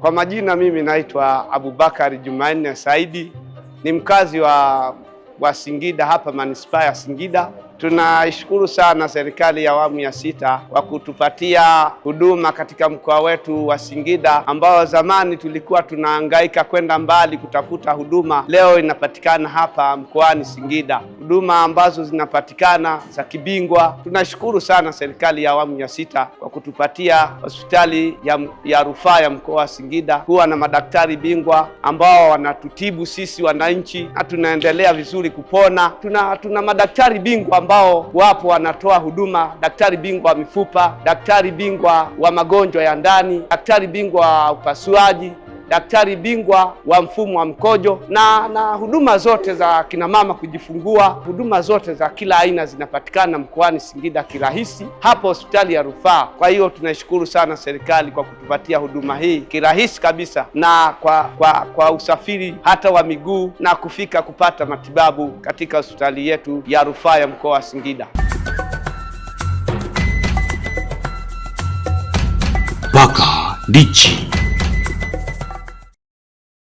Kwa majina mimi naitwa Abubakar Jumanne Saidi, ni mkazi wa wa Singida hapa manispaa ya Singida. Tunaishukuru sana serikali ya awamu ya sita kwa kutupatia huduma katika mkoa wetu wa Singida, ambao zamani tulikuwa tunahangaika kwenda mbali kutafuta huduma, leo inapatikana hapa mkoani Singida, huduma ambazo zinapatikana za kibingwa. Tunashukuru sana serikali ya awamu ya sita kwa kutupatia hospitali ya, ya rufaa ya mkoa wa Singida kuwa na madaktari bingwa ambao wanatutibu sisi wananchi na tunaendelea vizuri shauri kupona. Tuna, tuna madaktari bingwa ambao wapo wanatoa huduma, daktari bingwa wa mifupa, daktari bingwa wa magonjwa ya ndani, daktari bingwa wa upasuaji daktari bingwa wa mfumo wa mkojo na na huduma zote za kinamama kujifungua, huduma zote za kila aina zinapatikana mkoani Singida kirahisi hapo hospitali ya rufaa. Kwa hiyo tunaishukuru sana serikali kwa kutupatia huduma hii kirahisi kabisa na kwa, kwa, kwa usafiri hata wa miguu na kufika kupata matibabu katika hospitali yetu ya rufaa ya mkoa wa Singida. paka Ndichi